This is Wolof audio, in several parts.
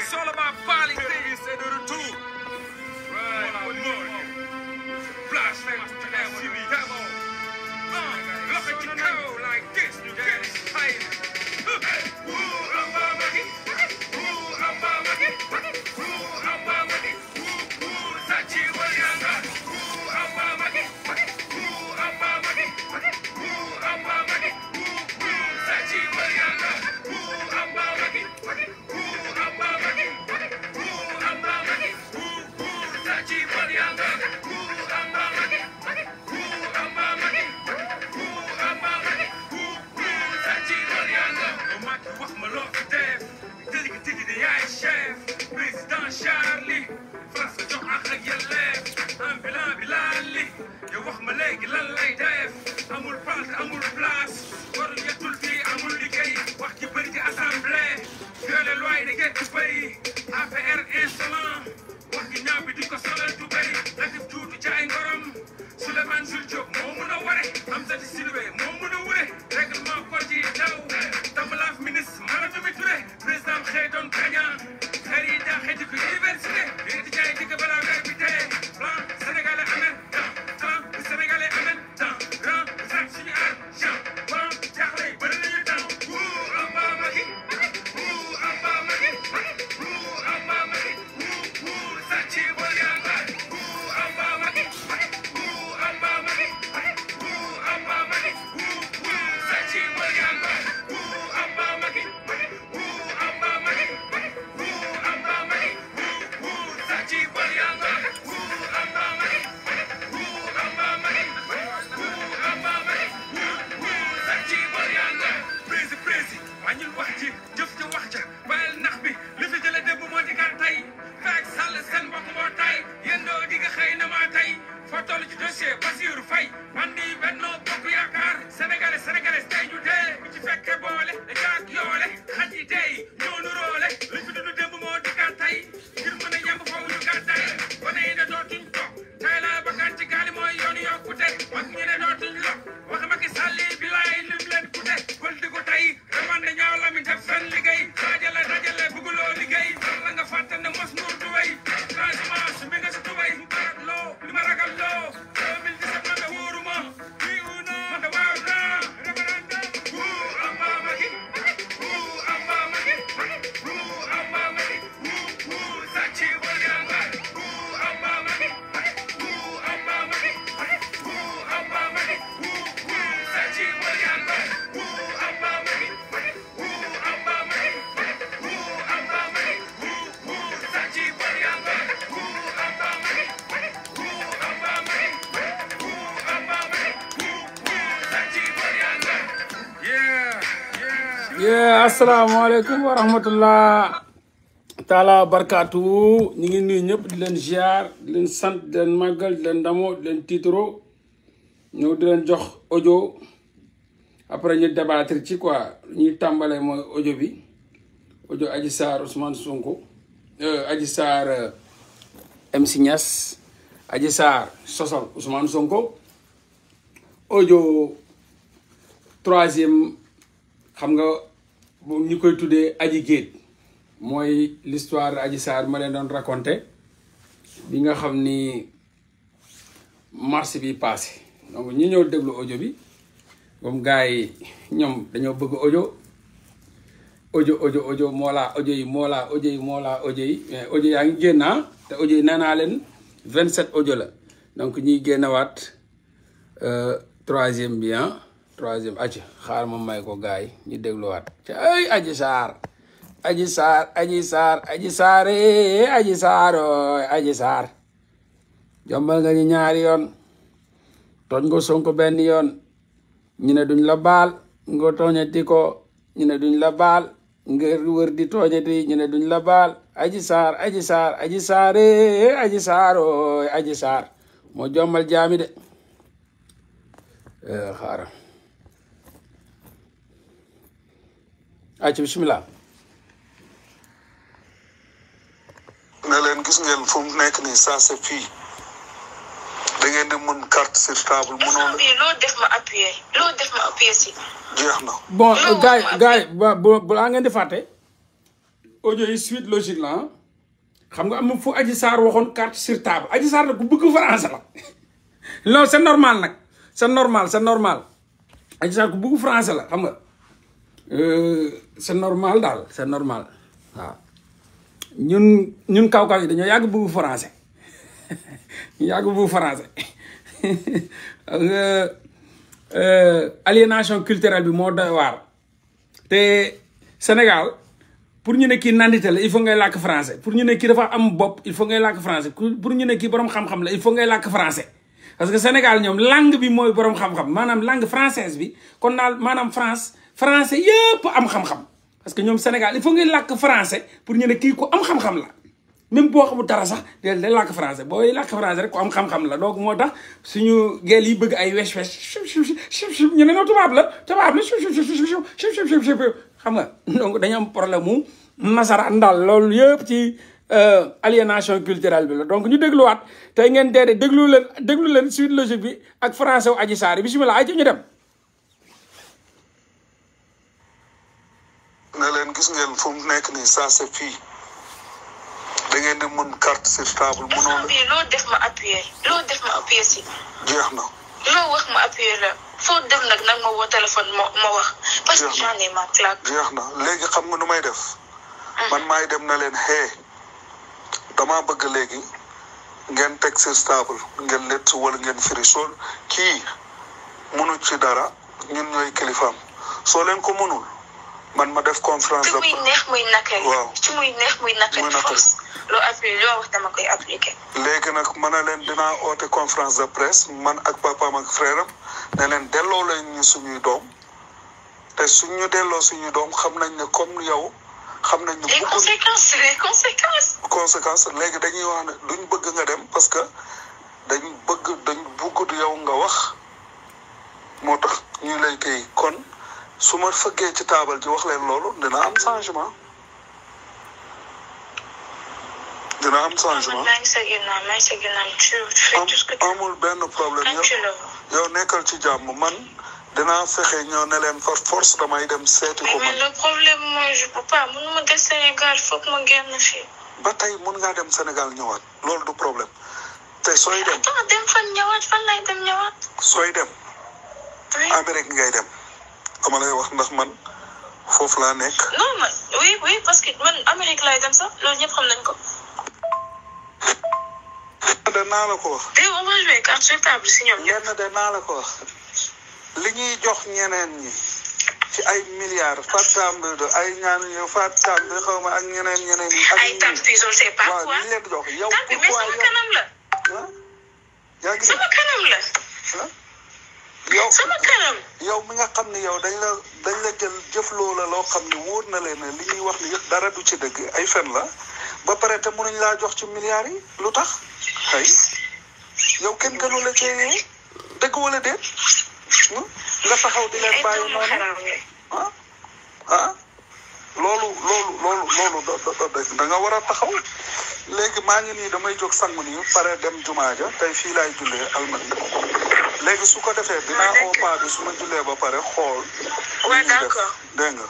It's all about body things. It's another two. Right, I'm Blast them to devil. Look at you go like this. You get excited. l'Octave, tel que tel il y a un chef, président Charlie, face à John Akhayalet, un vilain Bilali, يوح ملاك لالا يداف أمور فالت أمور بلاس ورية تلتي أمور لكي وقت بريتي أسامبلي قال الواي لكي تبي أفر إنسلام وقت نابي ديكو صلاة تبي لكن جوتو جاين غرم سليمان زلجوك مو منوري حمزة السلوي مو منوري رجل ما قرجي داوي Yeah, asalaamaaleykum taala barkatu ñi ngi nuy ñep di leen ziar di leen sant di leen magal di leen damo di leen titro ñeu di leen jox audio après ñu débattre ci quoi ñi tambalé mo audio bi audio Adji sar Ousmane Sonko eh, Adji sar eh, MC Niass Adji sar sosal Ousmane Sonko audio troisième xam nga. moom ñu koy tuddee aji géej mooy l'histoire aji saar ma leen doon raconté bi nga xam ni mars bi passé donc ñu ñëw déglu audio bi comme gars yi ñoom dañoo bëgg audio audio ojo ojo moolaa audio yi moolaa audio yi moolaa audio yi mais audio yaa ngi génnaa ah. te audio yi nee naa leen vingt sept audio la donc ñuy génnawaat euh, troisième bi ah. troisième aci xar ma may ko gaay ñu dégluwaat ca ay aji saar aji saar aji saar aji saare aji sar aji saar jombal nga ñaari yoon tooñ ko Sonko benn yoon ñu ne duñ la baal nga ko ñu ne duñ la baal nga ñu ne duñ la baal aji saar aji saar aji saare eh, saaro eh, aji saar moo jombal jaami de eh, xaaral ay ci bisimilah. leen gis ngeen fu nekk nii ça c'est fii da ngeen di mën carte sur table mënoon. loo def ma appuyer loo def ma appuyer si. jeex na. bon gars yi gars yi balaa ngeen di fàtte. audio yi suite logique la xam nga am na fu Adji Sarr waxoon carte sur table Adji Sarr nag ku bëgg français la non c'est normal nag sa normal sa normal Adji Sarr ku bëgg français la xam nga. Euh, c'est normal daal c'est normal waaw ñun ñun kaw-kaw yi dañoo yàgg bëgg français ñu yàgg bëgg français euh, aliénation culturelle bi moo doy waar te Sénégal pour ñu ne kii nandite la il faut ngay làkk français pour ñu ne kii il faut ngay làkk français pour ñu borom xam-xam la il faut ngay làkk français parce que Sénégal ñoom langue bi mooy borom xam-xam maanaam langue française bi kon naal maanaam France français yëpp am xam-xam parce que ñoom Sénégal il faut ngay làkk français pour ñu ne kii ku am xam-xam la même boo xamul dara sax day day làkk français booy làkk français rek ku am xam-xam la donc moo tax suñu gel yi bëgg ay wesh wesh chub ñu ne non tubaab la tubaab la am problème mu nasaraan loolu yëpp ci aliénation culturelle bi la donc ñu dégluwaat tey ngeen dee déglu leen déglu leen suite logique bi ak français wu Adji Sarr ay ci ñu dem. gis ngeen fu mu nekk nii ça c'est fi da ngeen di mën carte sur table. mënoon bi lo def ma appuyer lo def ma appuyer si. jeex na. lo wax ma appuyer la fo def nak nak ma wo téléphone ma ma wax. parce que j'en ai ma claque. jeex na léegi xam nga nu may def. Mm-hmm. man may dem na len hé dama bëgg léegi ngeen tek sur table ngeen lett wala ngeen firi soo ki mënu ci dara ñun ñoy kilifam so len ko mënul. man ma def conférence de presse. ci waaw ci muy neex muy naqari. force loo léegi nag ma ne leen dinaa oote conférence de presse man ak papaam ak frère am ne leen delloo leen suñuy doom te suñu delloo suñuy doom xam nañ ne comme yow. xam nañ ne conséquence conséquences léegi dañuy wax ne duñ bëgg nga dem parce que dañ bëgg dañ bëgg yow nga wax moo tax ñu lay koy kon. su ma fëggee ci taabal ji wax leen loolu dina am changement dina am changement amul benn problème yow yow nekkal ci jàmm man dinaa fexe ñoo ne leen par force damay dem seeti ko man le problème mooy je Sénégal foog ma génn fii ba tey mun ngaa dem Sénégal ñëwaat loolu du problème te sooy dem. dem fan ñëwaat fan ngay dem. dama lay wax ndax man foofu laa nekk. non man oui oui parce que man Amérique laay dem sax loolu ñëpp xam nañ ko. danaa la ko wax. Eh, ko wax. li ñuy jox ñeneen ñi. ci ay milliards Fatou de ay ñaan yow Fatou de xaw ma ak ñeneen ñeneen ñi. ay tante puis on pas quoi li leen jox yow. pourquoi yow tante sama kanam la. sama kanam la. yow sama yow mi nga xam ne yow dañ la dañ la jël jëf loola loo xam ne wóor na leen li ñuy wax ni yëpp dara du ci dëgg ay fen la ba pare te mu mënuñ laa jox ci milliards yi lu tax ay yow kenn gënu la cee dëgg wala déet hmm? nga taxaw di leen bàyyi noonu ah ah loolu loolu loolu loolu da da nga war a taxaw léegi maa ngi nii damay jóg sangu nii pare dem jumaa ja tey fii laay jullee almadi léegi su ko defee dinaa oo paa bi su ma jullee ba pare xool. waaw d'accord dégg nga.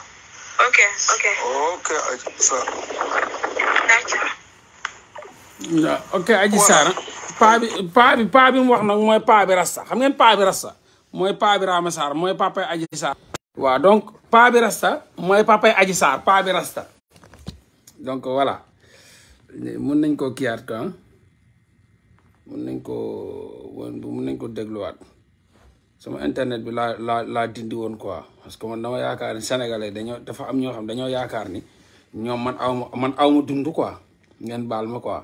ok ok ok Adji Sarr. waaw ok Adji Sarr. paa bi paa bi paa bi mu wax nag mooy paa bi Rasta xam ngeen paa bi Rasta mooy paa bi Rama Sarr mooy papa Adji Sarr. waaw donc. paa rasta mooy papa aji saar paa rasta donc voilà mun nañ koo kiyaat ko mun nañ koo mun nañ ko dégluwaat sama internet bi la la laa dindi woon quoi parce que man dama yaakaar sénégalais dañoo dafa am ham, xam dañoo yaakaar ni ñoom man aw man aw ma dund quoi ngeen baal ma quoi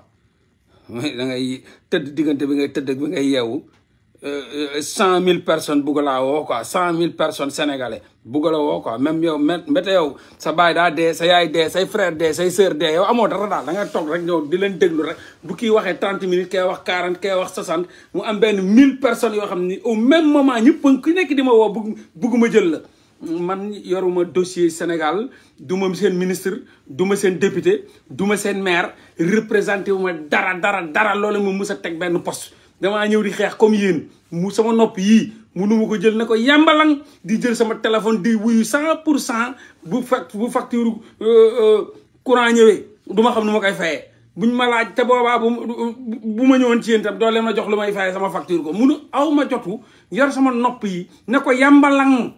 da ngay tëdd diggante bi ngay tëdd bi ngay Euh, euh, cent mille personnes bugg laa woo quoi cent mille personnes sénégalais bugg la woo quoi même yow mbete yow sa baay daa dee sa yaay dee say frère dee say sœur dee yow amoo dara daal da toog rek ñëw di leen déglu rek bu kii waxee trente minutes kay wax quarante kay wax soixante mu am benn mille personnes yoo xam ni au même moment ñëpp ku nekk di ma woo bugg bugguma jël la man yoruma dossier Sénégal du ma seen ministre du seen député du ma seen maire représenté wu ma dara dara dara loolu mu mus teg benn poste damaa ñëw di xeex comme yéen mu sama nopp yii munu ma ko jël ne ko yàmbalang di jël sama téléphone di wuyu cent pour cent bu fact bu facture euh, euh, courant ñëwee du ma xam nu ma koy fayee buñ ma laaj te boobaa bu ma ñëwoon ci yéen tam doo leen ma jox lu may fayee sama facture ko munu aw ma jotu yor sama nopp yi ne ko yàmbalang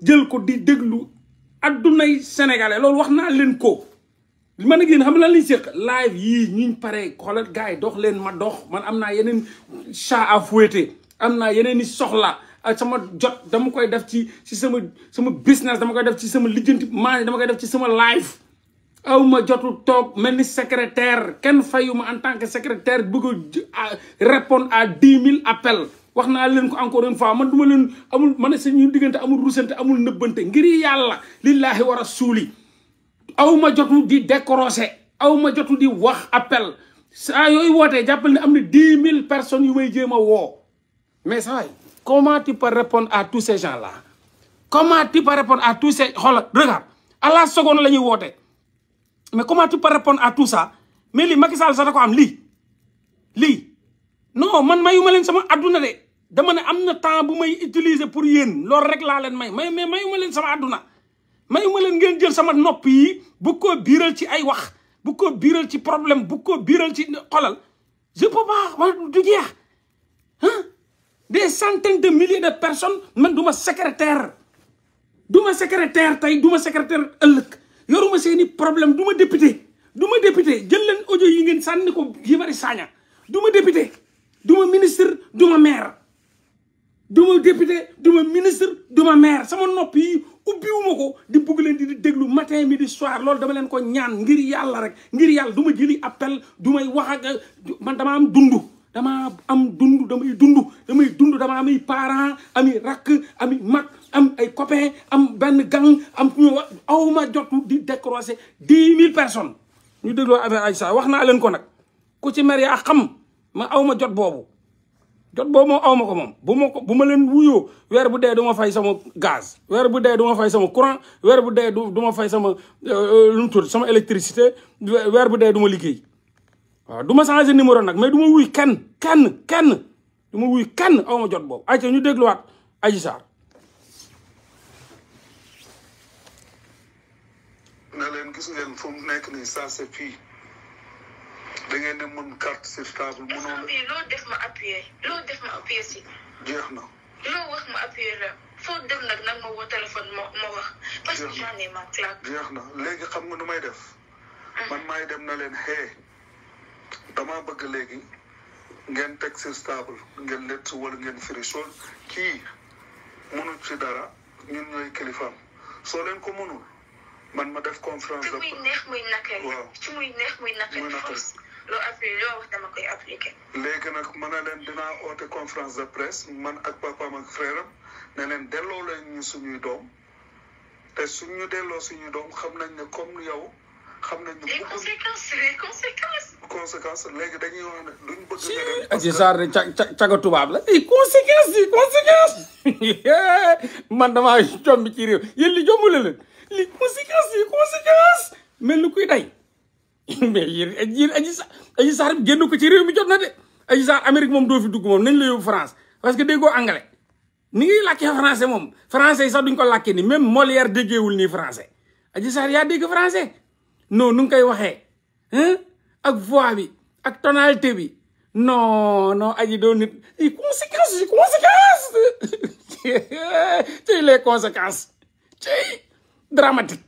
jël ko di déglu addunay sénégalais loolu wax naa leen ko li ma nag yéen xam lan lañ séq live yii ñu pare xoolal gars yi dox leen ma dox man am naa yeneen chat à fouetter am naa yeneen i soxla sama jot dama koy def ci ci sama sama business dama koy def ci sama lijjanti maa dama koy def ci sama live aw ma jotu toog mel ni secrétaire kenn fayuma en tant que secrétaire bëgg a répondre à dix mille appels wax naa leen ko encore une fois man duma leen amul man ne suñu diggante amul rusante amul nëbbante ngir yàlla lillahi wa rasuli aw ma jotu di décrocher aw ma jotu di wax appel saa yooyu wootee jàppal ne am na dix mille personnes yu may jéem a woo mais saa yi comment tu peux répondre à tous ces gens la comment tu peux répondre à tous ces xoolal regarde à la seconde la ñuy wootee mais comment tu peux répondre à tout ça mais lii Macky Sall sax da ko am lii lii non man mayuma leen sama adduna de dama ne am na temps bu may utiliser pour yéen loolu rek laa leen may may mais mayuma leen sama adduna may ma ngeen jël sama nopp yi bu ko biiral ci ay wax bu ko biiral ci problème bu ko biiral ci xolal je peux pas wala du jeex ah des centaines de milliers de personnes man du ma secrétaire du ma secrétaire tey du ma secrétaire ëllëg yoruma seeni problème du ma député du ma député jël leen yi ngeen sànni ko yi mari saaña du ma député du ministre du ma maire du ma député ministre du ma maire sama nopp yi ubbiwuma ko di bugg leen di di déglu matin di soir lool dama leen ko ñaan ngir yàlla rek ngir yàlla du ma jëli appel du may wax ak man dama am dund dama am dundu damay dund damay dund dama am ay parents ami rakk ami mag am ay copain am benn gang am ku ñu wax awma jot di décrocher dix mille personnes ñu dégloo affaire Aïssa wax naa leen ko nag ku ci mer yaa xam ma awma jot boobu jot boobu moom aw ma ko moom bu ma bu ma leen wuyoo weer bu dee du ma fay sama gaz weer bu dee du ma fay sama courant weer bu dee du ma fay sama euh, euh, lu mu sama électricité weer bu dee du ma liggéey waaw du ma changé numéro nag mais du ma wuy kenn kenn kenn du ma wuy kenn aw jot boobu ayca ñu dégluwaat Adji Sarr na da ngeen ne mën carte sur table mënoo la. loo def ma appuyé loo def ma appuyé si. jeex na. loo wax ma appuyé la foo dem nag nag ma woo téléphone ma ma wax. parce jeex na léegi xam nga nu may def. Hmm. man maay dem na leen xee damaa bëgg léegi ngeen teg sur table ngeen lett wala ngeen firi sol kii mënul ci dara ñun ñooy kilifaam soo leen ko mënul. man ma def conférence de. ci muy léegi nag ma ne leen dinaa oote conférence de presse man ak papaam ak frère ne leen delloo leen ñu suñuy doom te suñ ñu delloo suñu doom xam nañ ne comme yow. xam nañ ne les conséquences les conséquences. léegi dañuy wax ne duñ bëgg. nga dem parce que tubaab la. ay eh, conséquences yi conséquences man damaa jombi ci réew jombule leen. les conséquences les conséquences mel ni kuy day mais yéen yéen aji sa aji saar bi génn ko ci réew mi jot na de aji saar Amérique moom doo fi dugg moom nañ la yóbbu France parce que déggoo anglais ni ngi làkkee français moom français yi duñ ko làkkee ni même Molière déggeewul ni français aji saar ya dégg français no nu ngi koy waxee ak voix bi ak tonalité bi non non aji doo nit i conséquences yi conséquences tey les conséquences tey dramatique.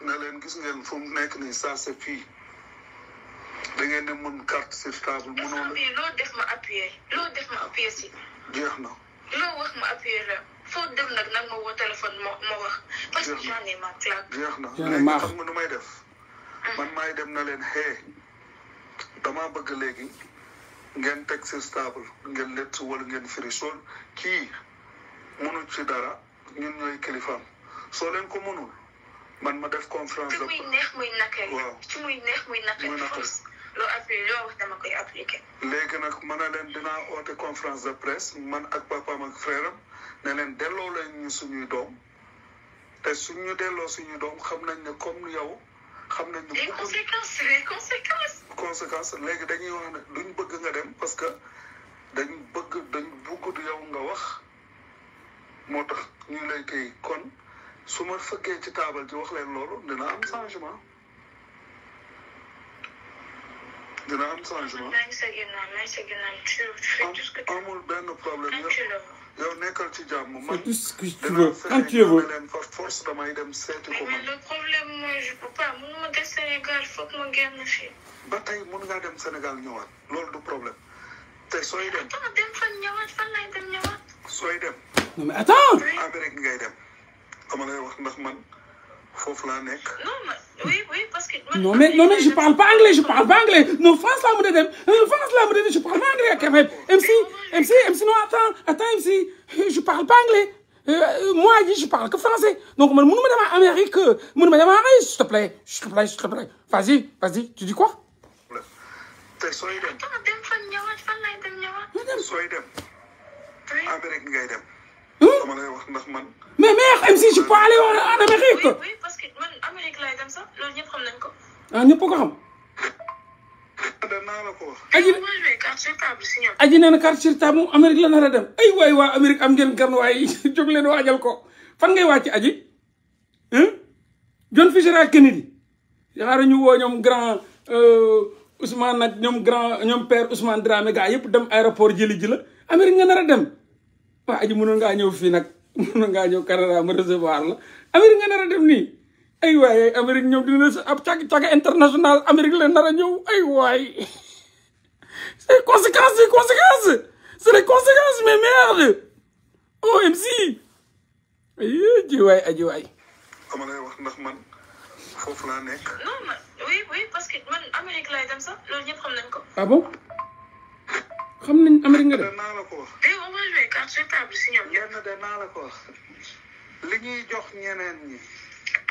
ne leen gis ngeen fu mu nekk nii ça c'est fii da ngeen di mën carte sur table mënoo la. loo def ma appuyé loo def ma appuyé si. jeex na. loo wax ma appuyé la foo dem nag nag ma woo téléphone ma wax. jeex na léegi nga nu may def. Mm. man maay dem na leen xee damaa bëgg léegi ngeen teg sur table ngeen lett wala ngeen firi sol kii. mënuñ ci dara ñun ñooy kilifaam soo leen ko mënul man ma def conférence de. muy neex muy naqari. waaw léegi nag mën na leen dinaa oote conférence de presse man ak papaam ak frère am ne leen delloo leen ñu suñuy doom te suñ ñu delloo suñuy doom xam nañ ne comme yow. xam nañ ne les conséquences léegi dañuy wax ne duñ bëgg nga dem parce que dañ bëgg dañ bëgg yow nga wax. moo tax ñu lay koy kon su ma fëggee ci taabal ji wax leen loolu dina am changement dina am changement amul benn problème ah, yow nekkal ci jàmm man dinaa fexe ah, ñëw ne leen par force damay dem seeti ko man. le problème mooy je peux pas mënuma des Sénégal foog ma génn fii. ba tey mën ngaa dem Sénégal ñëwaat loolu du problème te sooy dem. dem fan ñëwaat fan lay dem ñëwaat. non mais attends. non mais je parle pas anglais je parle pas anglais non France la euh, France la je parle pas anglais MC MC MC non attends attends MC euh, je parle pas anglais. Euh, moi je parle que français donc mon Amérique Amérique s'il te plaît s'il te plaît s'il te plaît vas-y vas-y tu dis quoi. après rek ngay dem. Hmm? dama wax ndax man. mais mais MC je suis pas allé en Amérique. oui parce que man Amérique laay xam ko. ah ñëpp ko xam. danaa la ko wax. aji carte sur table si ñoom. na carte sur table a dem ay waay waa Amérique am ngeen gan waay jóg leen waajal ko fan ngay wàcc aji. Hmm? John Fitzgerald Kennedy xaaral ñu woo ñoom grand euh, Ousmane nag ñoom grand ñoom père Ousmane Dramé gaa yëpp dem aéroport jëli ji la. Amérique nga nar a dem waa aji mënoon ngaa ñëw fii nag mënoon ngaa ñëw Canada ma la Amérique nga nar dem nii ay waay Amérique ñëw dina ab càgg càgg international Amérique la nar ñëw ay waay c'est conséquence c'est conséquence mais merde OMC ji waay aji waay dama Amérique laay dem sax loolu ñëpp xam nañ ko ah bon xam nañ Amérique nga def. danaa la ko wax. tey au moins les cartes jetables si ñoom. yenn danaa la ko wax li ñuy jox ñeneen ñi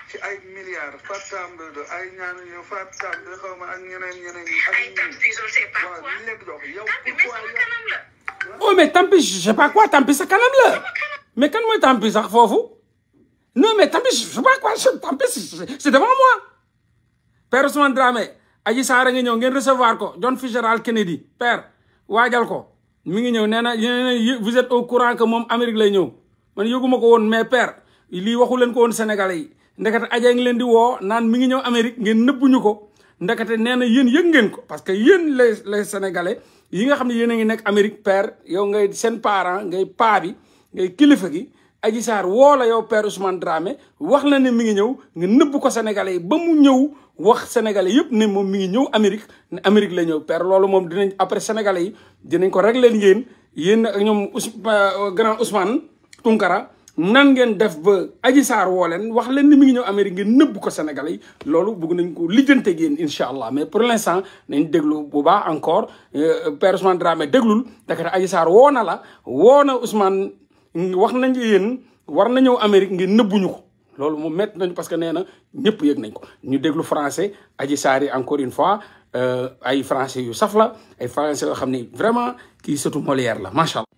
ci ay milliards Fatam Dodo ay ñaan yow Fatam Dodo xaw ma ak ñeneen ñeneen ñi. ay oh, Tampis je sais pas quoi waaw li vou jox yow. Tampis sama kanam la. oh mais Tampis je sais pas quoi Tampis sa kanam la. mais kan mooy Tampis sax foofu. non mais Tampis je sais pas quoi Tampis c'est devant moi. Père Ousmane Dramé Adji Sarr a ngi recevoir ko John Fitzgerald Kennedy père. waajal ko mi ngi ñëw nee na yéen vous êtes au courant que moom Amérique lay ñëw man yëguma ko woon mais père lii waxu leen ko woon Sénégalais yi ndekete Adja ngi leen di woo naan mi ngi ñëw Amérique ngeen nëbbuñu ko ndekete nee na yéen yëg ngeen ko parce que yéen les les Sénégalais yi nga xam ne yéen a ngi nekk Amérique père yow ngay seen parent ngay paa bi ngay kilifa gi aji Sarr woo la yow père Ousmane wax la ne mi ngi ñëw nga nëbb ko Sénégalais yi ba mu ñëw wax sénégalais yépp né mom mi ngi ñëw Amérique né Amérique la ñëw père loolu mom dinañ après sénégalais yi dinañ ko régler yéen yeen ak ñom euh, grand Ousmane Tunkara nan ngeen def ba aji sar wo len wax len ni mi ngi ñëw Amérique ngeen nëbb ko sénégalais yi loolu bëgg nañ ko lijeenté ak inshallah mais pour l'instant nañ déglu bu ba encore euh, père Ousmane Dramé déglul dakar aji sar wo na la wo na Ousmane wax nañ yeen war na ñëw Amérique ngeen nëbbuñu ko. loolu moom métti nañu parce que neena na yëg nañ ko ñu déglu français aji saari encore une fois euh, ay français yu saf la ay français yoo xam ni vraiment kii surtout Molière la macha allah.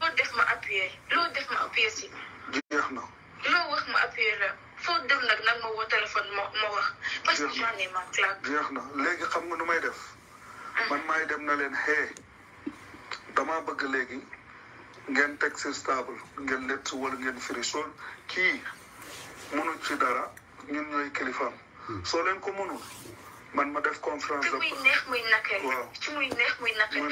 loolu def ma appuyer loolu def ma appuyer si. jeex na. loo wax la léegi xam nga nu may def. man maay dem na leen xee damaa bëgg léegi. ngeen teg si stable ngeen lett wala ngeen firi sol kii mënu ci dara ñun ñooy kilifaam. Hmm. soo leen ko mënul man ma def conférence. de muy neex muy naqari.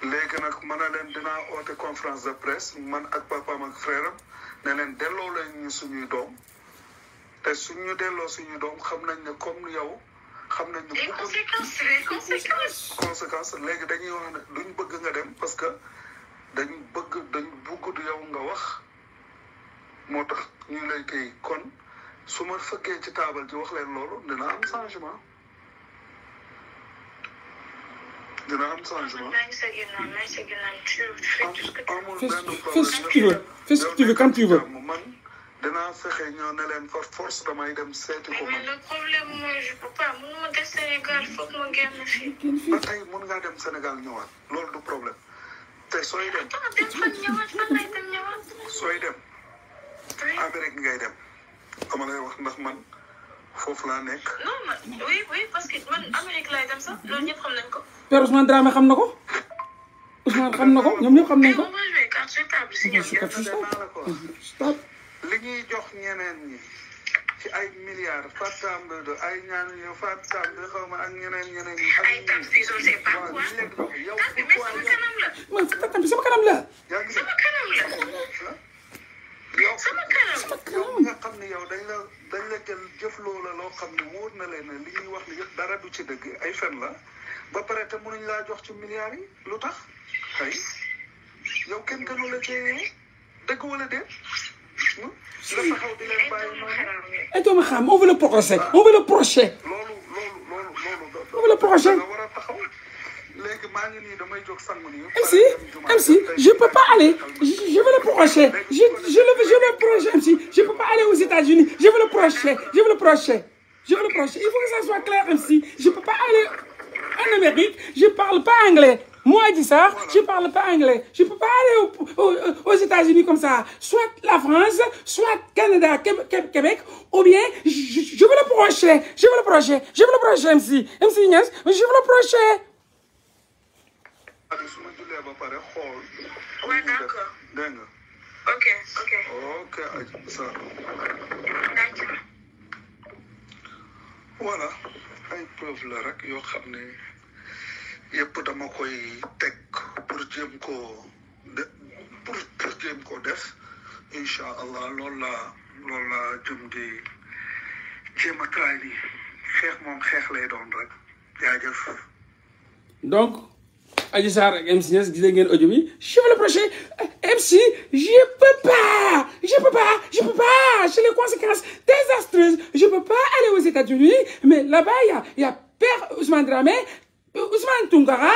léegi nag mën na leen dinaa oote conférence de presse man ak papaam ak frère am ne leen delloo leen ñu suñuy doom te suñu delloo suñuy doom xam nañu ne comme yow. xam nañ ne bu léegi dañuy wax ne duñ bëgg nga dem parce que dañ bëgg dañ bugg yow nga wax moo tax ñu lay koy kon su ma fekkee ci taabal ci wax leen loolu dina am changement. dina am changement. fais ce que tu veux fais ce que tu veux quand dinaa fexe ñoo ne leen par force damay dem seeti ko. mooy je ma des Sénégal foog ma génn fii. ba tey mun loolu du problème te sooy dem. sooy dem. Amérique ngay dem. dama lay wax ndax man foofu laa nekk. non man oui oui xam nañ ko. Père xam na ko. Ousmane na ko ñoom ñëpp xam nañ ko. li ñuy jox ñeneen ñi ci ay milliards Fatamba de ay ñaan yow Fatamba xaw ma ak ñeneen ñeneen ñi. ay tamsi je sais pas quoi. yow kanam la. man tamsi kanam la. sama kanam la. yow sama yow nga xam dañ la dañ la jël loo xam ne wóor na leen wax ni yëpp dara du ci dëgg ay fen la ba pare te laa jox ci milliards yi lu tax. ay yow kenn gënu la cee dëgg wala déet. on veut le procès on veut le procès on le procès je ne peux pas aller. Je, veux le procès. Je, le, veux le procès, MC. Je ne peux pas aller aux États-Unis. Je veux le procès. Je veux le Je veux le Il faut que ça soit clair, MC. Je ne peux pas aller en Amérique. Je ne parle pas anglais. Moi, je dis ça, je ne parle pas anglais. Je ne peux pas aller au, aux, États-Unis comme ça. Soit la France, soit Canada, Québec, ou bien je, je veux le projet. Je veux le projet. Je veux le projet, MC. MC Ignace, je veux le projet. Ouais, d'accord. Ok, ok. Ok, ça. D'accord. Voilà. un preuve la rac, yo, et dama koy teg pour jéem ko de pour pour jéem koo def incha allah loolu laa loolu laa jëm di jéem a traay ni xeex moom xeex lay doon rek jaajëf donc aji Sarr ak MC Niass gis ngeen audio bi le prochain euh, MC je peux pas je peux pas je peux pas j'ai les conséquences désastreuses je peux pas aller aux États-Unis mais là-bas y a il y a père Ousmane Dramé Ousmane tungara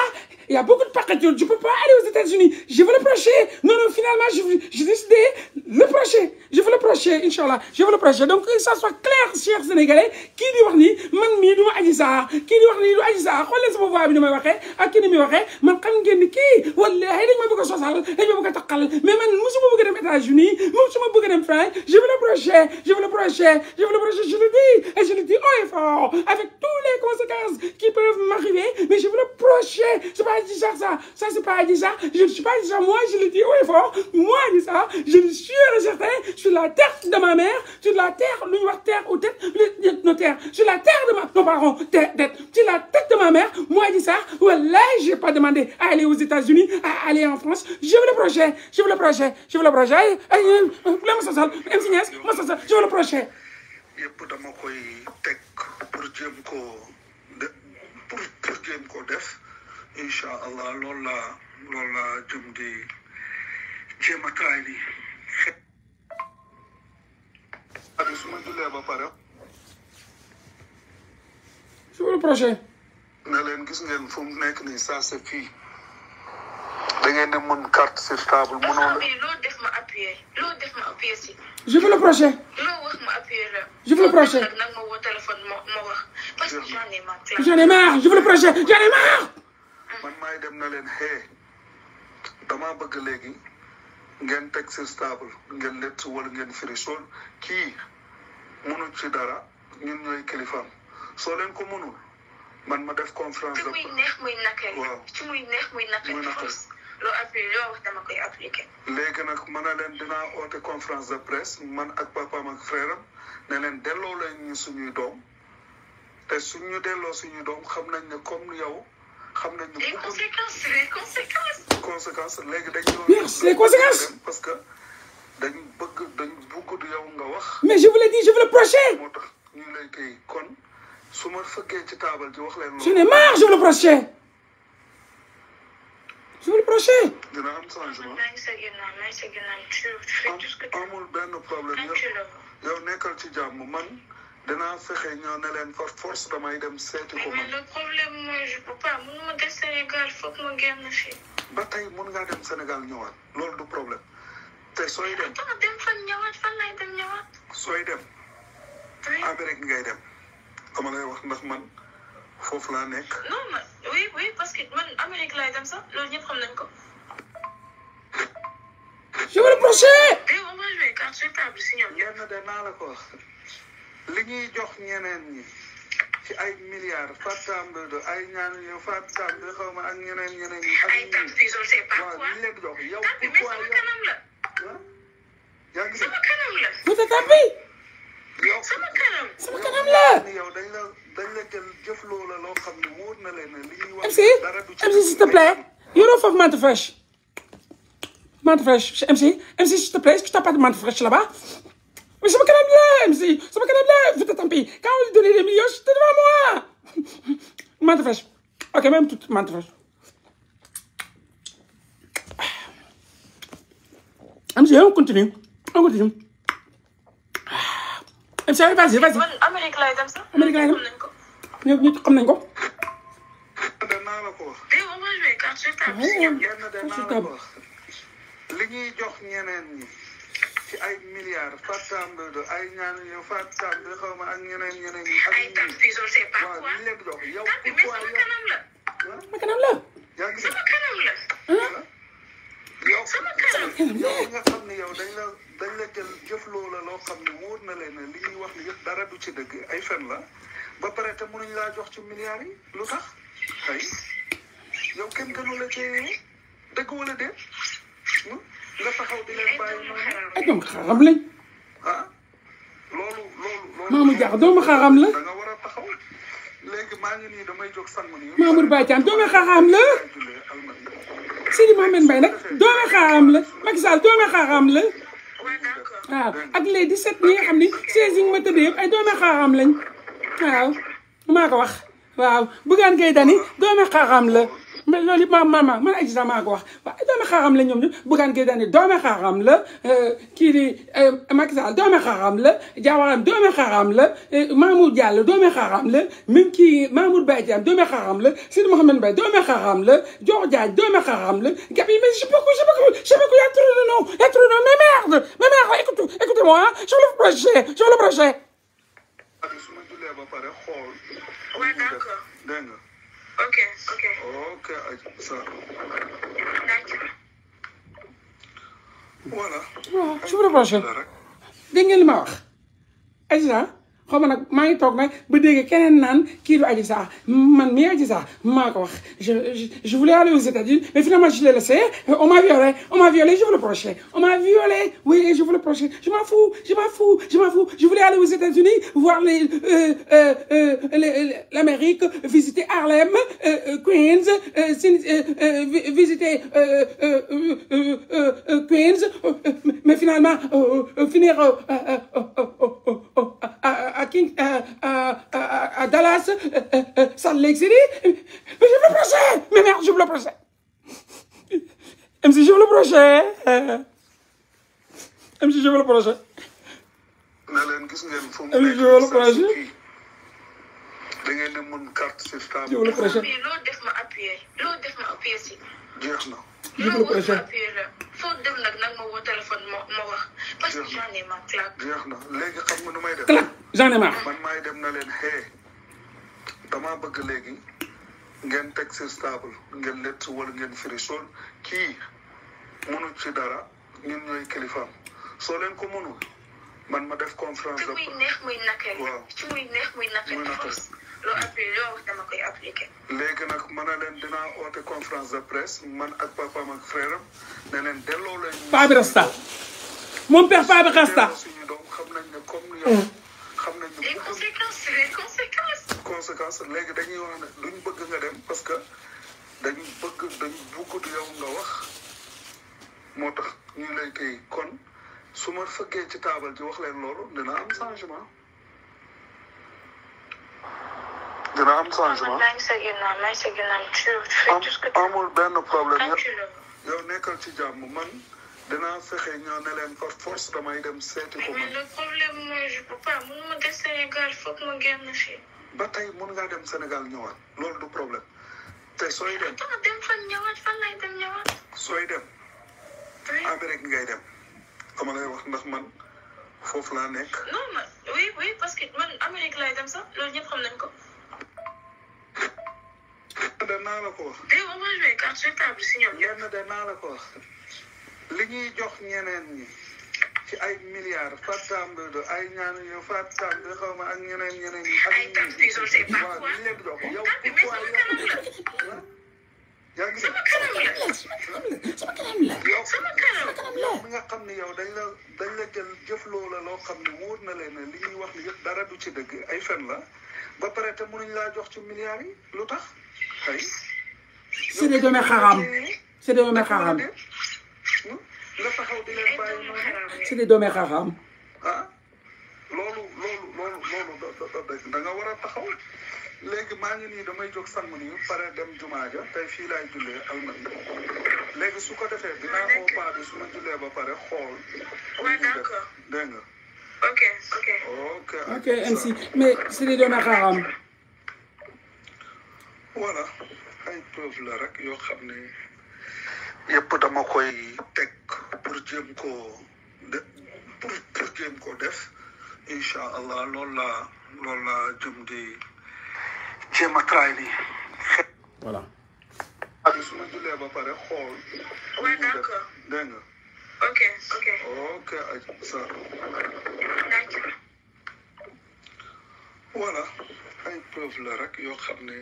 il y a beaucoup de paquets, je peux pas aller aux États-Unis. Je veux le prêcher. Non, non, finalement, j'ai décidé le prêcher. Je veux le prêcher, Inch'Allah. Je veux le prêcher. Donc, que ça soit clair, chers Sénégalais, qui dit wax ni man mi, du ma Adji Sarr kii di wax ni du Adji Sarr xoolee sama voix bi ni may waxee ak kii ni muy waxee man xam ngeen ni dit wallahi dañ ma bëgg a sosal ma bëgg a mais man musuma bëgg a États-Unis musuma bëgg a France je veux le prêcher je veux le prêcher je veux le prêcher je le dis et je le dis haut et avec toutes les conséquences qui peuvent m'arriver mais je veux le prêcher c'est pas ça, ça c'est pas déjà je ne suis pas déjà moi je le dis oui fort, moi ça je le suis certain, je suis la terre de ma mère, je suis la terre, le terre tête, je la terre de ma, nos parents, je suis la tête de ma mère, moi ça ouais, là j'ai pas demandé à aller aux États-Unis, à aller en France, je veux le projet, je veux le projet, je veux le projet, là ça je veux le projet. incha allah loolu laa loolu laa jëm di jéem a traay li ak su ma jullee ba pare suba prochain na leen gis ngeen fu mu nekk nii ça c'est fii da ngeen di mën carte sur table mënoo loo def ma appuyé loo def ma appuyé si je veux le prochain loo wax ma appuyé la je veux le prochain nag ma woo téléphone ma ma wax parce que j'en ai marre j'en ai marre je veux le prochain j'en ai marre man maay dem na leen xee dama bëgg léegi ngeen teg si stable ngeen lett wala ngeen firi soon kii mënu ci dara ñun ñooy kilifaam soo leen ko mënul man ma def conférence de muy neex muy léegi nag mën a leen dina oote conférence de presse man ak papaam ak frère ne leen delloo leen ñu suñuy doom te suñu delloo suñuy doom xam nañ ne kom yow les conséquences les conséquences. les conséquences parce que mais je vous l'ai dit je veux le prochain. je n'ai marre je veux le prochain. je veux le prochain. dinaa fexe ñoo ne leen par force damay dem seeti ko. mais le problème mooy je peux pas mënuma des Sénégal foog ma génn fii. ba tey mun ngaa dem Sénégal ñëwaat loolu du problème te sooy dem. ah dem fan ñëwaat fan laay dem ñëwaat. sooy dem. Amérique ngay dem. dama wax ndax man foofu laa nekk. non man oui oui parce que man Amérique laay dem sax loolu ñëpp xam nañ ko. je vais le prochain. li ñuy jox ñeneen ñi ci ay milliards Fatambe de ay ñaan yu Fatambe xaw ma ak ñeneen ñeneen ñi. ay taxis je ne sais pas quoi waaw li leen jox yow. pourquoi yow kanam la. yaa ngi sama kanam la. Fouta Tampi. yow sama kanam. sama kanam la. yow dañ la dañ la jël jëf loola loo xam ne wóor na leen ne li ñuy wax. dara du ci MC MC s'il te plaît. yoroo foofu menthe fraîche. menthe fraîche MC MC s'il te plaît est-ce que tu n'as pas de menthe fraîche là-bas. Mais sama kanam la MC sama kanam la vite tant pis quand on lui donnait des millions j'étais devant moi mante fraîche ok même toute mante fraîche MC on continue on continue MC vas-y vas-y Amérique lay dem sax Amérique lay dem ñëpp ñëpp xam nañ ko li ñuy jox ñeneen ñi ci ay milliards Fatam doy do ay ñaan yow Fatam doy xaw ma ak ñeneen ñeneen ñi. ak ñi waaw li ñu leen di jox yow. pourquoi yow sama kanam la. yaa ngi sama kanam la. yow sama kanam yow nga xam ne yow dañ la dañ la jël jëf loola loo xam ne wóor na leen ne li ñuy wax ni yëpp dara du ci dëgg ay fen la ba pare te mënuñ laa jox ci milliards yi lu tax tey yow kenn gënu la cee dëgg wala déet. Ik doe ga rammelen. Mamoud dacht, doe me ga rammelen. Mamoud bijtaan, gaan me ga rammelen. Sidi Mohamed bijna, doe me ga rammelen. Maxal, door me gaan rammelen. waaw ak léegi di set ñi nga xam ni met yi ma tëddee yëpp ay gaan xaaxaam lañ waaw wacht, ko wax waaw dan niet, Dany doomi gaan la mais loolu ma ma ma man Aziza maa ko wax waaw doomu xaaxam la ñoom ñu Bougane Gueye Dany doomu xaaxam la euh, kii di euh, Macky Sall doomu xaaxam la Diawaram doomu xaaxam la euh, Mamour Diallo doomu xaaxam la même kii Mamour Baye Diam doomu xaaxam la Sidi Mouhamed Mbaye doomu xaaxam la Dior Diagne doomu xaaxam la gab yi mais je sais pas quoi je sais pas quoi je sais pas quoi y a trop de noms y a trop de noms mais merde mais merde écoute écoutez-moi ah hein, sur le projet sur le projet. d'accord d'accord. Oké, oké. Oké, zo. Dank Voilà. Ja, zo dat was het. Ding in de maag. Is dat? man je je voulais aller aux États-Unis mais finalement je l'ai laissé on m'a violé on m'a violé je veux le prochain on m'a violé oui je veux le prochain je m'en fous je m'en fous je m'en fous je voulais aller aux États-Unis voir les l'Amérique visiter Harlem Queens visiter Queens mais finalement finir à, à, à, Dallas, euh, euh, euh, Salt Lake Mais je veux projet Mais merde, je veux le projet. MC, je veux le projet. MC, je veux le projet. mais le le le foo dem nag nag ma woo téléphone ma ma wax parce que j'en ai marre claque. jeex na léegi xam nga nu may def. claque j'en ai marre. man maay dem na leen xee damaa bëgg léegi ngeen teg si stable ngeen lett wala ngeen firi sol kii mënut ci dara ñun ñooy kilifaam soo leen ko mënul man ma def conférence. de presse ci muy neex muy naqari. waaw ci muy neex muy naqari. loo appliqué loo wax dama koy appliqué. léegi nag mën leen dinaa oote conférence de presse man ak papaam ak frère am ne leen delloo leen. Fabi Rasta moom père Fabi Rasta. suñu doom xam nañ ne comme yow. xam nañ ne conséquences léegi dañuy wax ne duñ bëgg nga dem parce que dañu bëgg dañu bëgg yow nga wax moo tax ñu lay kon su ma fëggee ci taabal ji wax leen loolu dina am changement. dina am changement. maa ngi sa ginnaaw maa ngi sa man dinaa fexe ñoo ne leen par force damay dem seeti ko. ma des Sénégal ba tey mun ngaa dem Sénégal ñëwaat lool du problème te sooy dem. sooy dem. Amérique ngay dem. dama lay wax ndax man foofu laa nekk. non ma oui oui parce que man Amérique laay dem sax loolu ñëpp xam nañ ko. de naa la ko wax. Eh, de naa ko li ñuy jox ñeneen ñi. ci ay milliards Fatam Dodo ay ñaan yu Fatam bi xaw ma ak ñeneen ñeneen yi ay tax si zone la sama kanam la sama kanam la yow xam ne yow dañ la dañ la jël jëf loo xam ne wóor na leen wax ni yëpp ci dëgg ay fen la ba pare laa jox ci milliards yi lu tax. C'est des deux haram. C'est des doomi haram. C'est les domaines haram. ah ok ok ok MC mais c'est les voilà ay la rek yoo xam ne yëpp dama koy teg pour jéem koo def incha allah loolu laa loolu laa jëm a traay nii. voilà. ak su ma jullee ba pare xool. oui d'accord dégg ok ok ok Adji Sarr. d'accord. voilà ay preuve la rek yoo xam ne.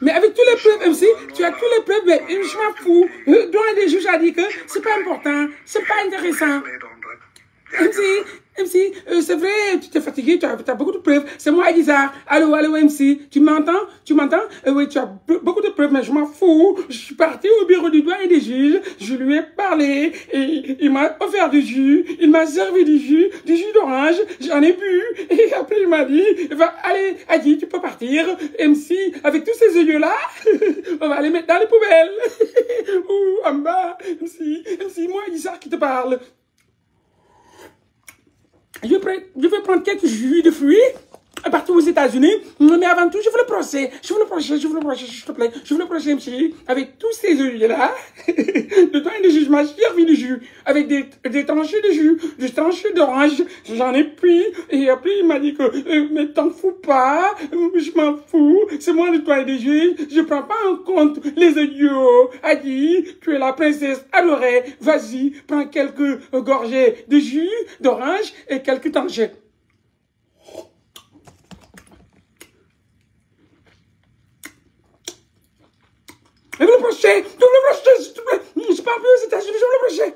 mais avec tous les preuves aussi, tu as tous les preuves mais je m'en fous. dont droit des juges a dit que c'est pas important c'est pas intéressant. MC, MC, euh, c'est vrai, tu t'es fatigué, tu as, beaucoup de preuves. C'est moi, Elisa. Allô, allô, MC, tu m'entends Tu m'entends euh, Oui, tu as beaucoup de preuves, mais je m'en fous. Je suis parti au bureau du doigt et des juges. Je lui ai parlé et il m'a offert du jus. Il m'a servi du jus, du jus d'orange. J'en ai bu. Et après, il m'a dit, va, allez, Adi, tu peux partir. MC, avec tous ces yeux-là, on va les mettre dans les poubelles. Ou en bas, MC, MC, moi, Elisa qui te parle. Je, vais prendre quelques jus de fruits partout aux États-Unis. Mais avant tout, je veux le procès. Je veux le procès, je veux le procès, s'il te plaît. Je veux le procès, monsieur. Avec tous ces œufs là le temps et de jugement, j'ai servi de jus. Avec des, des tranchées de jus, des tranchées d'orange. J'en ai pris. Et après, il m'a dit que, euh, mais t'en fous pas. Euh, je m'en fous. C'est moi le toit et des jus. Je prends pas en compte les idiots. A dit, tu es la princesse adorée. Vas-y, prends quelques gorgées de jus d'orange et quelques tranchées. Je veux le projeter, je veux le projeter, s'il te plaît. Je parle plus aux États-Unis, je veux le projet.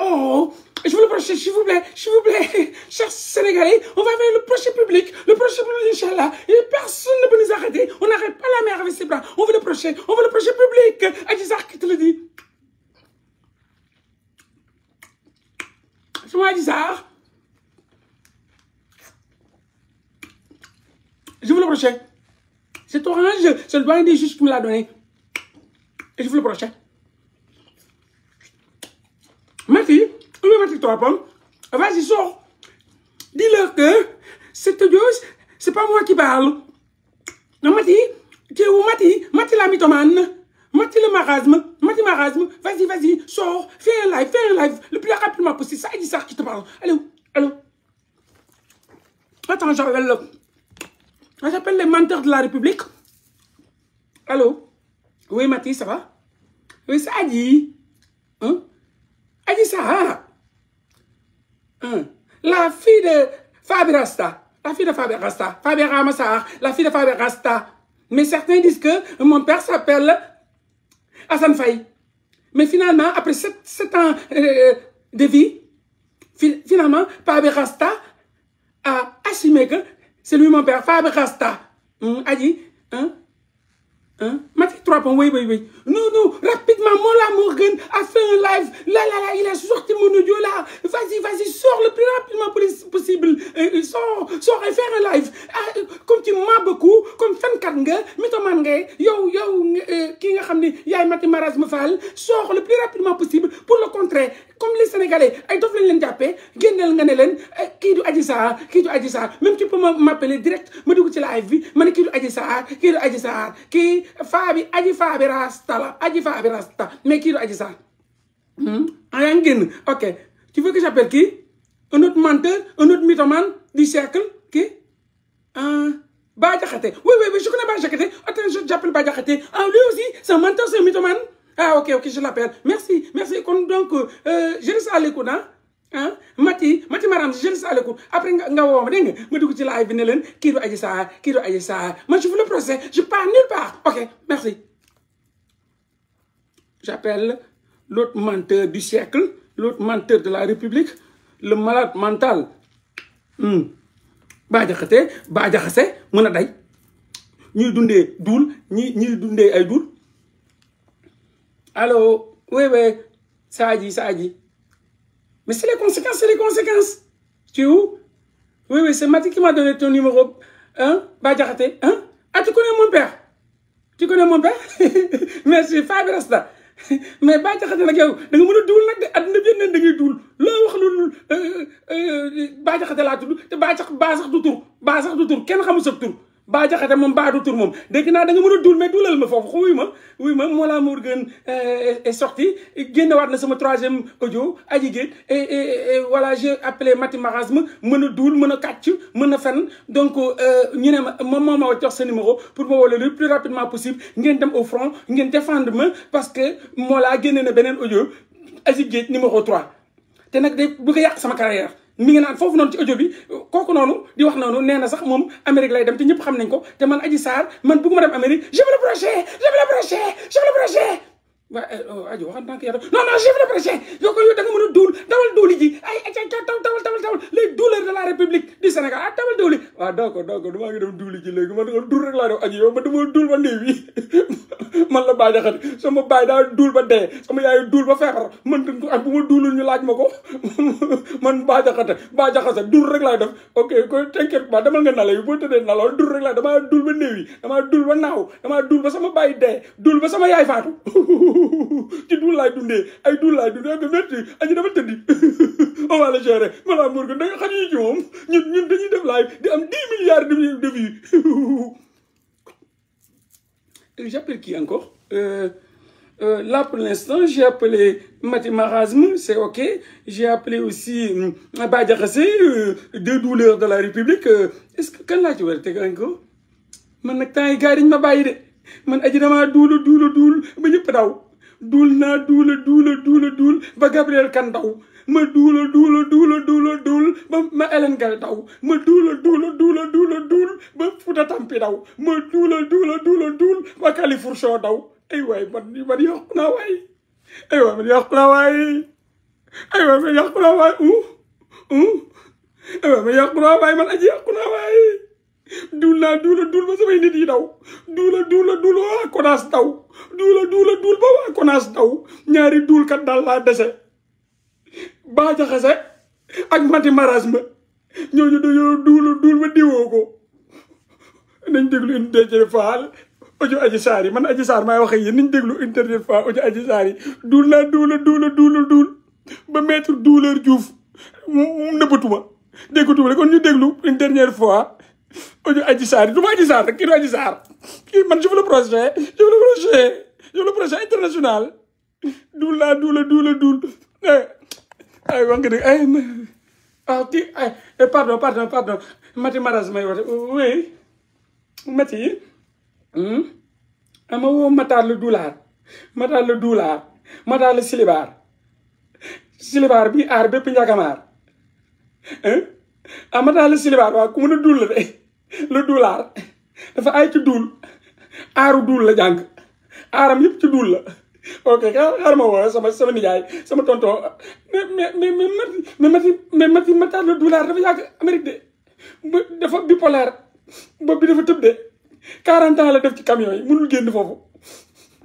Oh, je veux le projeter, s'il vous plaît, s'il vous plaît. Chers Sénégalais, on va vers le projet public, le projet public, Inch'Allah. Et personne ne peut nous arrêter. On n'arrête pas la mer avec ses bras. On veut le procher, on veut le procher public. Adizar qui te le dit. C'est moi, Adizar. Je veux le projeter. C'est orange. C'est le doyen des juges qui me l'a donné. Et je vous le prochain. Merci. Oui, Mathieu, toi, Vas-y, sors. Dis-leur que cette douce, c'est pas moi qui parle. Non, Mati, tu es où, Mati Mati la mythomane. Mati le marasme. Mati marasme. Vas-y, vas-y, sors. Fais un live, fais un live. Le plus rapidement possible. Ça, dit ça, qui te parle. Allô, allô. Attends, je là. J'appelle s'appelle les menteurs de la République. Allô Oui, Mathis, ça va Oui, hein? ça a dit. Hein A dit ça. Hein? La fille de Fabi Rasta. La fille de Fabi Rasta. Fabi Ramassar. La fille de Fabi Rasta. Mais certains disent que mon père s'appelle Hassan Faye. Mais finalement, après sept ans euh, de vie, finalement, Fabi Rasta a assumé que c'est lui mon père. Fabre Rasta. Hein, dit. Hein? Hein? Mathieu trop points, oui, oui, oui. Non, non, rapidement, Mola Morgan a fait un live. Là, là, là, il a sorti mon audio là. Vas-y, vas-y, sors le plus rapidement possible. Euh, euh, sors, sors et fais un live. Ah, euh, comme tu m'as beaucoup, comme fan nga, mythomane nga, yo, yo, qui nga euh, xamné, y'a Mathieu Maras me sors le plus rapidement possible pour le contraire, Comme les Sénégalais, ils doivent lañ leen jappé, gennel nga né len ki du Adji ki du Même tu peux m'appeler direct, me dire ci live bi, vu ki du doit Sarr, ki du doit ki fa Adifa bi aji faa rasta rasta mais qui du aji ça ah ok tu veux que j'appelle qui un autre menteur un autre mythomane du cercle qui ah Bah oui oui oui je connais pas bah Diakhaté attends je j'appelle Bah Diakhaté ah lui aussi c'est un menteur c'est un mythomane ah ok ok je l'appelle merci merci donc euh, je reste à l'écoute ah Mati Mati Maram je le coup, après nga nga ma dégg nga ma dugg ci live bi ne len ki do je veux le procès je pars nulle part ok merci. j'appelle l'autre menteur du siècle l'autre menteur de la République le malade mental Bah Diakhaté Bah Diakhaté mën a day ñi dundé doul, ñi ñi dundé ay duul Allô, oui oui Saji, Saji. Mais c'est les conséquences, c'est les conséquences. Tu es où Oui, oui, c'est Mati qui m'a donné ton numéro. Hein Badjarate Hein Ah, tu connais mon père Tu connais mon père Merci, Fabi Rasta. mais Badjarate, nag yow da nga mën a duul nag de àdduna bi yéen da ngay duul loo wax lu euh, euh, Badjarate laa tudd te Ba sax Ba sax du tur Ba sax du tur kenn xamul sa tur. Je moom tur moom dégg da nga mais ma euh, est sorti na sama troisième audio et voilà j'ai appelé Mati Marasme mën donc ma moom numéro pour ma le plus rapidement possible ngeen dem au front ngeen défendre ma parce que mola génne na beneen audio aji numéro 3 te nag day bëgg sama carrière mi ngi naan foofu noonu ci audio bi kooku noonu di wax noonu nee na sax moom Amérique lay dem te ñëpp xam nañ ko te man Adji Sarr man bëgguma dem Amérique je vais le projet je vais waaw eh, oh, ajo waxal naa ko yàlla non non chef de presse yoo ko yow da a duul dawal duuli ji ay ay taw tawal tawal tawal les douleurs de la république du Sénégal ah tawal duuli waaw donc donc maa ngi dem duuli ji léegi man duul rek laa def ajo ba néew yi man la bàyyi sama bàyyi daa duul ba dee sama yaay duul ba feebar man ak bu ma duulul ñu laaj ma ko man bàyyi xel bàyyi xel duul rek laa def ok ko t'inquiète pas demal nga nala yi boo tëddee nalaw duul rek laa damaa duul ba néew yi damaa duul ba naaw dama duul ba sama bàyyi dee duul ba sama yaay faatu ci duul laay dundee ay duul laay dundee ak vertu aji dafa tëddi on va le gérer maanaam Morgun da nga xam ñu ci moom ñun ñun dañuy def live di am dix milliards de vues j'appelle qui encore euh, euh, là pour l'instant j'ai appelé Mati Marasme c'est ok j'ai appelé aussi hum, Badiakhase euh, deux douleurs de la République euh, est-ce que kan laa ci war te teg encore man nag temps yi gars yi dañ ma bàyyi de man aji damaa duulu duulu duul ba ñëpp daw duul naa duula duula duula duul ba Gabriel Kane daw ma duula duula duula duula duul ba ma Hélène Gaye daw ma duula duula duula duula duul ba Fouta Tampi daw ma duula duula duula duul ba Kalifour Show daw ay waay man man yàqu naa waay ay waay man yàqu naa waay ay waay man yàqu naa waay u u ay waay man yàqu naa waay man aji yàqu naa waay duul naa duula duul ba samay nit daw duula duula duul ba waa konaas daw duula duula duul ba waa konaas daw ñaari duul kat daal laa dese baa jaxase ak manti marasme ñooñu dañoo duula duul ba diwoo ko nañ déglu une dernière fois audio Adji Sarr yi man Adji Sarr wax ak yéen nañ déglu une dernière fois audio Adji Sarr yi duul naa duula duula duula nëbbatuma déggatuma kon ñu déglu une dernière fois oju Adji Sarr du ma Adji Sarr kii du man je veux projet je veux projet international duul laa duula duula duul eh, ay wax nga ay ah kii ay eh, pardon pardon pardon Mati Maras may woote oui Mati hmm? ama ah, woo Matar le Doulard Matar le Silibaar Silibaar bi aar bépp njagamaar ah Matar la Silibaar waaw ku mën a duul la de lu duulaar dafa ay ci duul aaru duul la jàng aaram yëpp ci duul la ok xaaral ma woo sama sama nijaay sama tonton mais mais mais mais Mati mais Mati Matar la duulaar dafa yàgg Amérique de ba dafa bipolaire bopp bi dafa tëb de 40 ans la def ci camion yi mënul génn foofu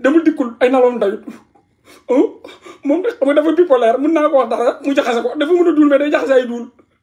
demul dikkul ay naloom dayut oh, moom xam nga dafa bipolaire mën naa ko wax dara mu jaxase ko dafa mën a duul mais day jaxase ay duul.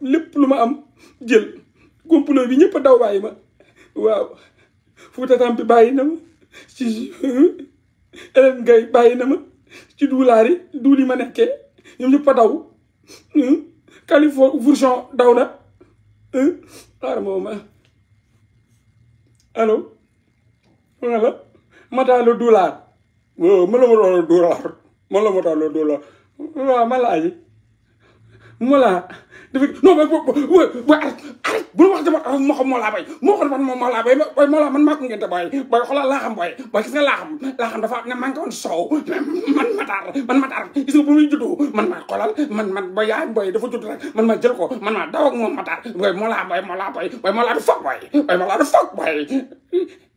lépp lu ma am jël complot bi ñëpp a daw bàyyi ma waaw Fouta Tampi bàyyi na ma ci Hélène Gueye bàyyi na ma ci duulaar yi duul yi ma nekkee ñoom ñëpp daw hmm. Californie Fourchon daw na hmm. xaaral moom ma allo ma la matalo duulaar ma ma doon duulaar ma la waaw ma laaji Mwela? No men, wè, wè, wè, wè! arrête bul wax dama ah moo xam moo laa bay moo xam man moom moo laa bay bay moo laa man maa ko ngeen te booy booy xoolal laa xam booy booy gis nga laa xam laa xam dafa ne man ko woon soow man mataar man mataar gis nga bu muy juddu man maa xoolal man man booy yaay booy dafa judd rek man maa jël ko man maa daw ak moom mataar booy moo laa booy moo laa booy booy moo laa du foog booy booy moo laa du foog booy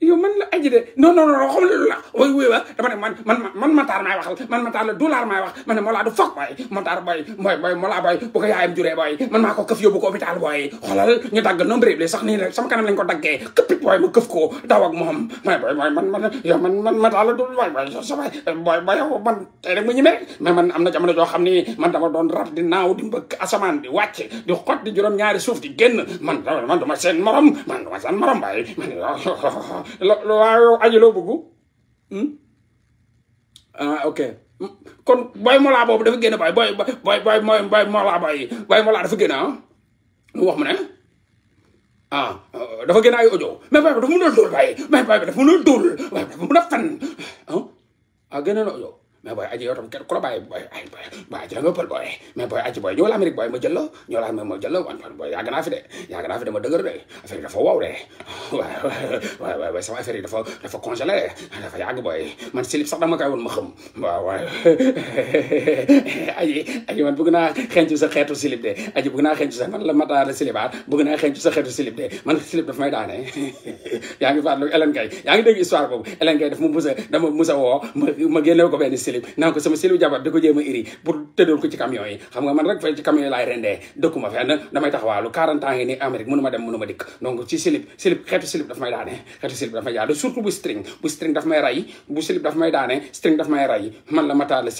yow man la aji de non non non xam lu la way way wa dama ne man man man mataar maay waxal man mataar la dollar maay wax man ne moo laa du foog booy mataar booy booy booy moo laa booy bu ko yaayam juree booy man maa ko këf yóbbu ko hôpital booy xoolal ñu dagg nombre bi sax nii rek sama kanam lañ ko daggee këppit booy ma këf koo daw ak moom may booy booy man man yow man man ma daal du waay waay sa waay booy booy am na jamono joo xam ni man dama doon rab di naaw di mbëkk asamaan di wàcc di xot di juróom-ñaari suuf di génn man man du ma seen morom man du ma seen morom waaye man lo waaw loo bëggu hmm? ah ok kon booy molaa boobu dafa génn booy booy booy booy booy molaa booy booy molaa dafa génn ah wax mu ne ah dafa génn ay audio mais baay ba dafa mën a dóor waaye baay ba dafa mën a dóor waaye dafa mën a fen ah génne na audio mais booy aji yow tam kenn ku la bàyyi booy ay booy aji la nga pël booy mais booy aji booy ñëwal Amérique booy ma jël la ñëwal Amérique ma jël la wan booy yàgg naa fi de yàgg naa fi de ma dëgër de affaire yi dafa wow de waay waay waay sama affaire yi dafa dafa congelé dafa yàgg booy man silib sax dama koy woon ma xam waaw waay aji aji man bëgg naa xencu sa xeetu silib de aji bëgg naa xencu sa man la mataara silibaar bëgg naa xencu sa xeetu silib de man silib dafa may daane yaa ngi fàttaliku Ellen Gueye yaa ngi dégg histoire boobu Ellen Gueye daf ma mus a dama mus a woo ma ma génne ko benn silib silib nan ko sama silib jabar di ko jéem a iri pour tëddoon ko ci camion yi xam nga man rek fa ci camion yi laay rendee dëkkuma fenn damay taxawaalu 40 ans yi ni Amérique mënu ma dem mënu ma dikk donc ci silib silib xeetu silib daf may daane surtout bu string bu string daf may ray bu silib daf may daane string daf may ray man la mataale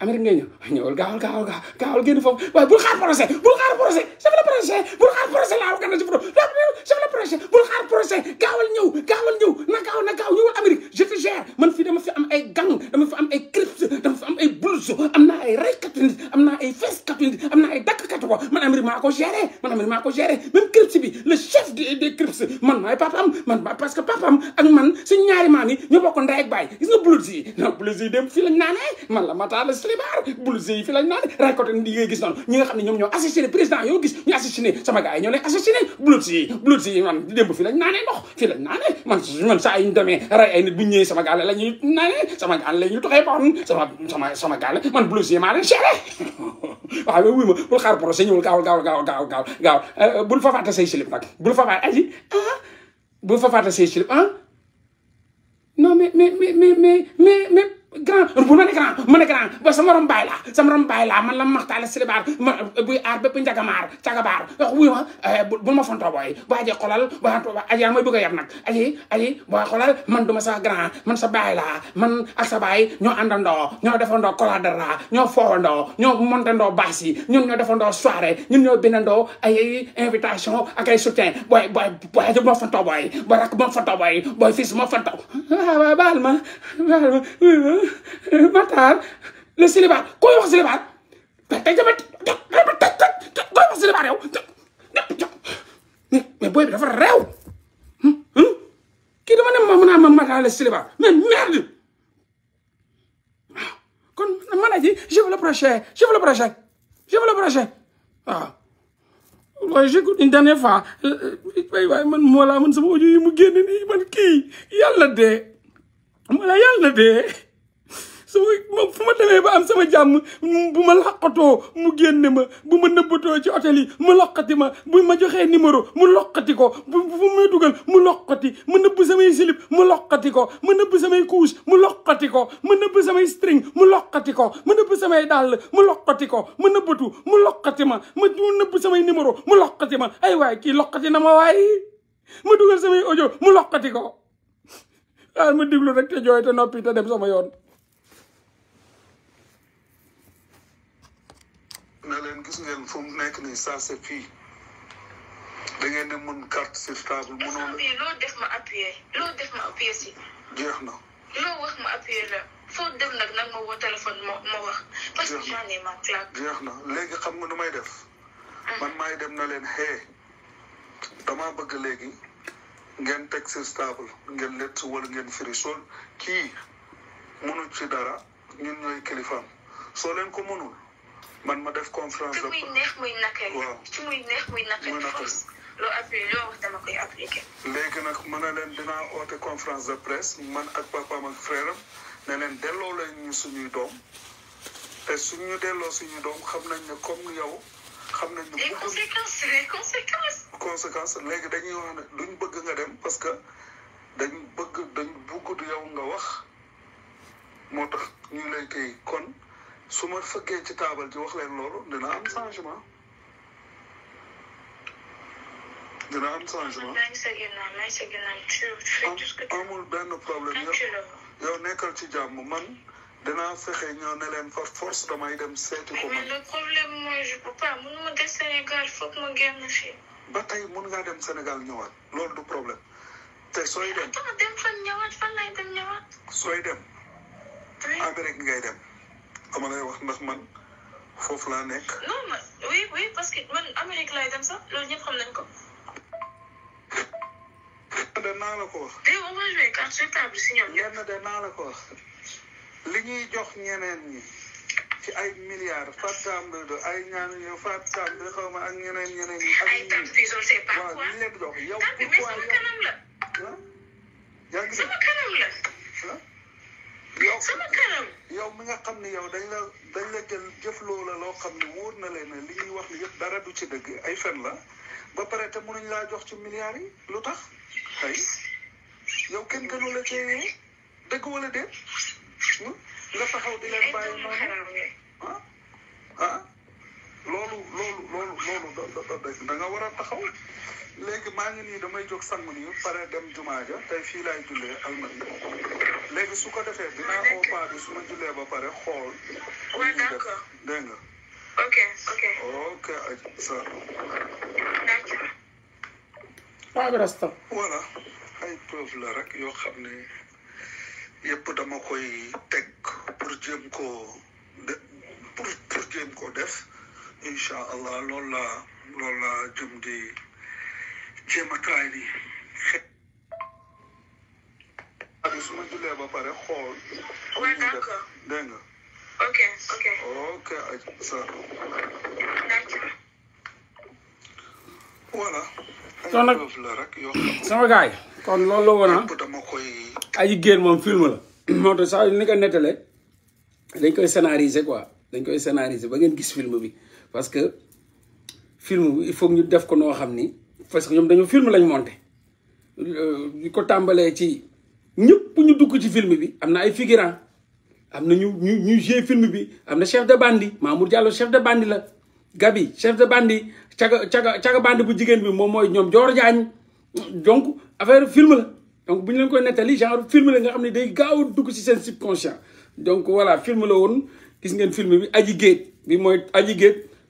Amérique ngay ñëw ñëwal gaawal gaawal gaawal bul xaar procès bul xaar procès chef de procès bul xaar procès laa wax na ci photo chef de bul xaar procès gaawal ñëw gaawal ñëw na na gaaw ñëwal Amérique je te man fii dama fi am gang dama fi am ay crips dama fi am ay bulls am naa ay reykatu nit am naa ay feskatu nit am naa ay dakkatu ko man Amérique maa ko man Amérique maa ko géré même crips bi chef des des crips man maay papaam man maa parce que papaam ak man slibar blouse yi fi lañ naan récolté di ngay gis noonu ñi nga xam ne ñoom ñoo assassiné président yoo gis ñu assassiné sama gars yi ñoo leen assassiné blouse yi blouse man démb fi lañ naanee ndox fi lañ man man saa yu ñu ay nit bu ñëwee sama gaale la ñuy sama gaale man blouse yi maa leen chéré waaw ma bul xaar procès ñëwul gaawul gaawul gaawul gaawul gaaw euh, bul fafaata say silib nag bul fafaat aji ah bul fafaata say silib ah non mais mais mais mais mais grand bu ma ne grand ma ne grand ba sama rom baay laa sama rom baay laa man la maxtaale silibaar ma buy aar bépp njagamaar cagabaar wax wuy ma eh, bu ma fontoo booy bu ajee xolal bu antoo ajee may bëgg a yab nag aji aji boo xolal man du ma sa grand man sa baay laa man ak sa baay ñoo àndandoo ñoo defandoo coladara ñoo foowandoo ñoo montandoo baas yi ñun ñoo defandoo soirée ñun ñoo bindandoo ay invitation ak ay soutien booy booy booy aji bu ma fontoo booy booy rakk bu ma fontoo booy booy fils bu ma fontoo ah, baal ma baal ma Matar le célibat koy wax célibat tey dama koy wax célibat booy bi dafa réew kii ne ma mun naa ma Matar le célibat mais merde waaw kon man a ji je veux le prochain je veux le prochain je veux le prochain waaw waaye j'écoute une dernière man moo yi mu génn nii man kii yàlla dee moo laa yàlla dee sama fu ma demee ba am sama jàmm bu ma laqatoo mu génne ma bu ma nëbbatoo ci hôtel yi mu loqati ma bu ma joxee numéro mu loqati ko bu fu ma dugal mu loqati mu nëbb samay silib mu loqati ko mu nëbb samay couche mu loqati ko mu nëbb samay string mu loqati ko mu nëbb samay dàll mu loqati ko mu nëbbatu mu loqati ma ma mu nëbb samay numéro mu loqati ma ay waay kii loqati na ma waay ma dugal samay ojo mu loqati ko ah ma déglu rek te jooy te noppi te dem sama yoon gis ngeen fu mu nekk ni ça fi fii da ngeen di mën carte sur table. mënoo loo def ma appuyé loo def ma appuyé si. jeex na. loo wax ma appuyé la foo def nag nag ma woo téléphone wax. parce que j'en ai jeex na léegi xam nga nu may def. Hmm. man maay dem na leen xee damaa bëgg léegi ngeen teg sur table ngeen lett wala ngeen firi sol kii mënu ci dara ñun ñooy kilifaam soo leen ko mënul. man ma def conférence de muy neex muy naka léegi nag mën na leen dinaa oote confrance de presse man ak papaam ak frère am ne leen delloo lañu suñuy doom te suñu delloo suñuy doom xam nañ ne comme yow. xam nañ ne conséquence conséquences léegi dañuy wax ne duñ bëgg nga dem parce que dañ bëgg dañ bëggut yow nga wax moo tax ñu lay koy kon. su ma fëkkee ci taabal ji wax leen loolu dina am changement dina am changement amul benn problème yow nekkal ci jàmm man dinaa fexe ñoo ne leen par force damay dem seeti ko man. le problème mooy je peux pas mënuma des Sénégal foog ma génn fii. ba tey mun ngaa dem Sénégal ñëwaat loolu du problème te sooy dem. dem fan ñëwaat fan ngay dem. dama lay wax ndax man foofu laa nekk. non man oui oui parce que man Amérique laay dem sax loolu ñëpp xam nañ ko. de naa la ko wax. tey on va jouer carte sur table si ñoom. yenn de naa la ko wax li ñuy jox ñeneen ñi ci ay milliards Fatambe do ay ñaan ñoom Fatambe xaw xawma ak ñeneen ñeneen ñi. ay tàmp fii je sais pas quoi waaw ñu lepp dox yow. pourquoi yow ya bi mais kanam la. Hein? sama kanam la. Hein? yow sama kanam. yow mi nga xam ne yow dañ la dañ la jël jëf loola loo xam ne wóor na leen li ñuy wax ni yëpp dara du ci dëgg ay fan la ba pare te mënuñ laa jox ci milliards yi lu tax tey yow kenn gënu la cee dëgg wala déet hmm? nga taxaw di leen bàyyi noonu ah ah. loolu loolu loolu loolu da nga war a taxaw léegi maa ngi nii damay jóg sang nii pare dem jumaa ja tey fii laay jullee almadi léegi su ko defee dinaa oo paa bi su ma jullee ba pare xool. waaw d'accord dégg nga. ok ok ok ça. waaw ay preuve la rek yoo xam ne yëpp dama koy teg pour jéem koo de pour pour jéem koo def. incha allah loolu laa loolu laa jëm di jéem a try ak su jullee ba pare xool. waaw d'accord dégg nga. ok ok. ok ça. voilà. kon nag sama gars kon loolu la woon ah. dama koy. aji génn moom film la. moo tax sax ni ko nettalee dañ koy scénariser quoi dañ koy scénariser ba ngeen gis film bi parce que film il faut ñu def ko noo parce que ñoom dañoo film lañ monté ñu euh, ko tàmbalee ci ñëpp ñu dugg ci film bi amna ay figurant amna ñu ñu ñu film bi amna chef de bandi Mamour Diallo chef de bandi la Gabi chef de bandi chaga chaga chaga bandi bu jigen bi mom moy ñom jor Diagne donc affaire film la donc buñ ñu leen koy netali genre film la nga xamni day gaaw dugg ci sen subconscient donc voilà film la woon gis ngeen film bi aji geet bi moy aji geet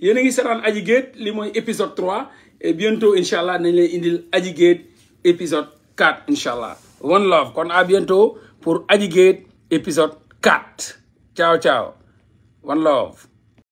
yéen a ngi seetaan Adji Gate li mooy épisode 3 et bientôt incha allah nañ leen indil Adji Gate épisode 4 incha allah one love kon à bientôt pour aji Gate épisode 4 ciao ciao one love